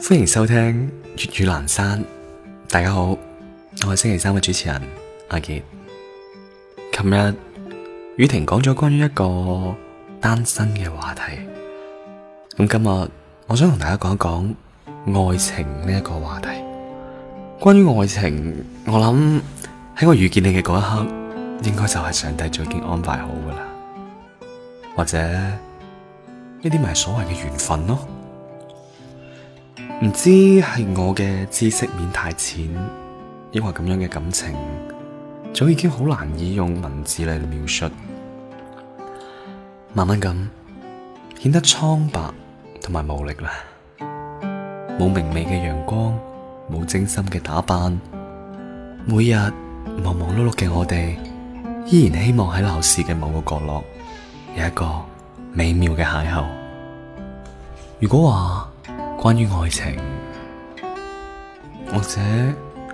歡迎收聽粵語闌珊，大家好，我係星期三嘅主持人阿杰。琴日雨婷講咗關於一個單身嘅話題，咁今日我想同大家講一講愛情呢一個話題。關於愛情，我諗喺我遇見你嘅嗰一刻，應該就係上帝早已經安排好噶啦，或者呢啲咪係所謂嘅緣分咯。唔知係我嘅知識面太淺，抑或咁樣嘅感情，早已經好難以用文字嚟描述。慢慢咁顯得蒼白同埋無力啦，冇明媚嘅陽光，冇精心嘅打扮，每日忙忙碌碌嘅我哋，依然希望喺鬧市嘅某個角落，有一個美妙嘅邂逅。如果話，關於愛情，或者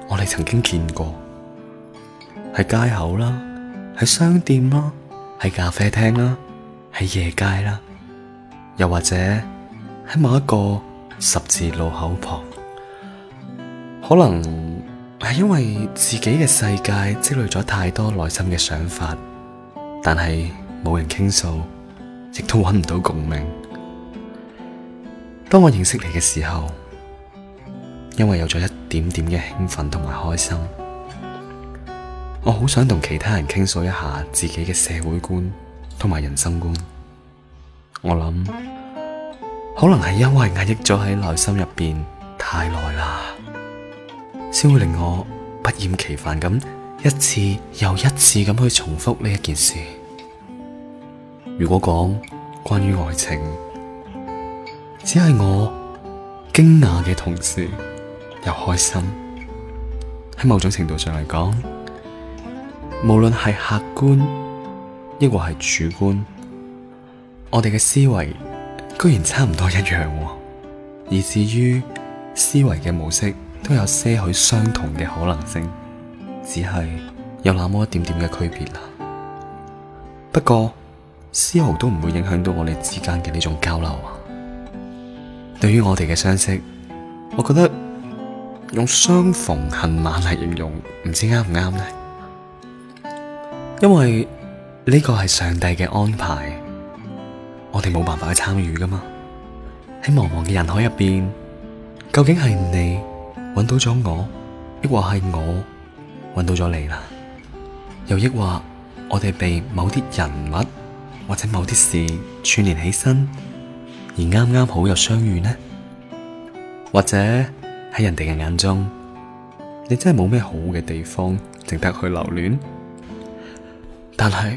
我哋曾經見過，喺街口啦，喺商店啦，喺咖啡廳啦，喺夜街啦，又或者喺某一個十字路口旁，可能係因為自己嘅世界積累咗太多內心嘅想法，但係冇人傾訴，亦都揾唔到共鳴。當我認識你嘅時候，因為有咗一點點嘅興奮同埋開心，我好想同其他人傾訴一下自己嘅社會觀同埋人生觀。我諗，可能係因為壓抑咗喺內心入邊太耐啦，先會令我不厭其煩咁一次又一次咁去重複呢一件事。如果講關於愛情。只係我驚訝嘅同時，又開心。喺某種程度上嚟講，無論係客觀亦或係主觀，我哋嘅思維居然差唔多一樣，哦，而至於思維嘅模式都有些許相同嘅可能性，只係有那麼一點點嘅區別啦。不過，絲毫都唔會影響到我哋之間嘅呢種交流，啊。對於我哋嘅相識，我覺得用相逢恨晚嚟形容，唔知啱唔啱呢？因為呢個係上帝嘅安排，我哋冇辦法去參與噶嘛。喺茫茫嘅人海入邊，究竟係你揾到咗我，抑或係我揾到咗你啦？又抑或我哋被某啲人物或者某啲事串聯起身？而啱啱好又相遇呢？或者喺人哋嘅眼中，你真係冇咩好嘅地方值得去留戀？但係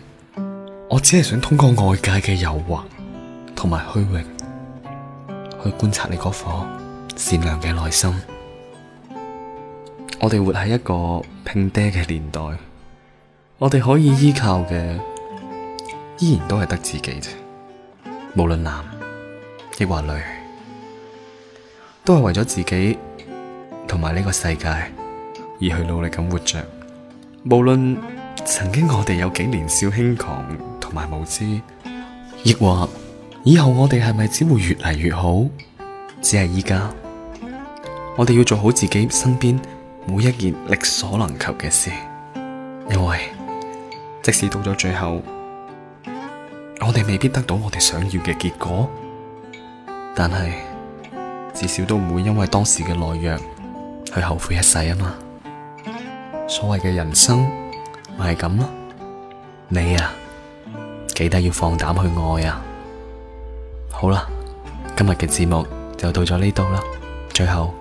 我只係想通過外界嘅誘惑同埋虛榮，去觀察你嗰顆善良嘅內心。我哋活喺一個拼爹嘅年代，我哋可以依靠嘅依然都係得自己啫。無論男，抑或累，都係為咗自己同埋呢個世界而去努力咁活着。無論曾經我哋有幾年少輕狂同埋無知，抑或以後我哋係咪只會越嚟越好？只係依家，我哋要做好自己身邊每一件力所能及嘅事，因為即使到咗最後，我哋未必得到我哋想要嘅結果。但係，至少都唔會因為當時嘅懦弱去後悔一世啊嘛。所謂嘅人生咪係咁咯。你啊，記得要放膽去愛啊。好啦，今日嘅節目就到咗呢度啦。最後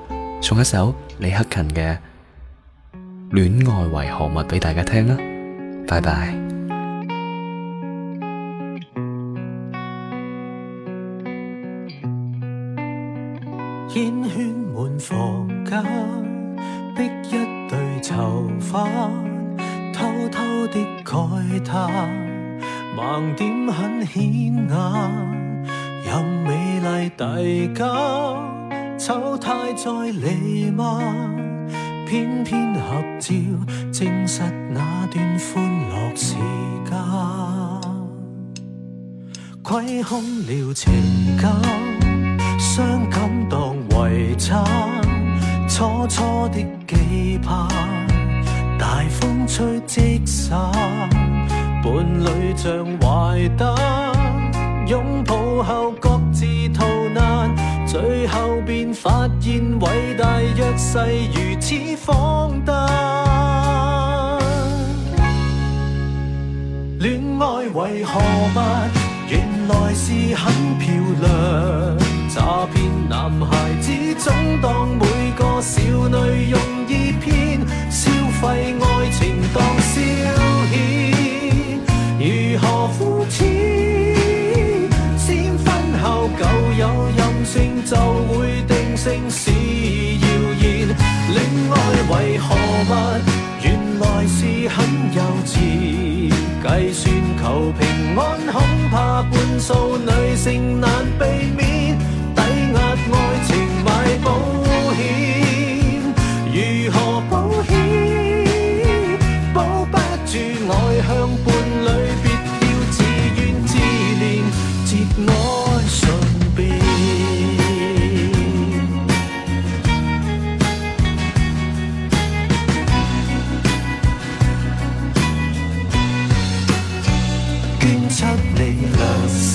送一首李克勤嘅《戀愛為何物》俾大家聽啦。拜拜。煙圈滿房間，逼一對囚犯偷偷的慨嘆，盲點很顯眼。任美麗遞減醜態再瀰漫，偏偏合照證實那段歡樂時間，虧空了情感。初初的寄盼，大風吹即散，伴侶像壞蛋，擁抱後各自逃難，最後便發現偉大約誓如此荒誕。 戀愛為何物？原來是很漂亮。男孩子總當每個少女容易騙，消費愛情當消遣，如何膚淺？先婚後舊有任性就會定性是謠言，戀愛為何物？原來是很幼稚，計算求平安恐怕半數女性。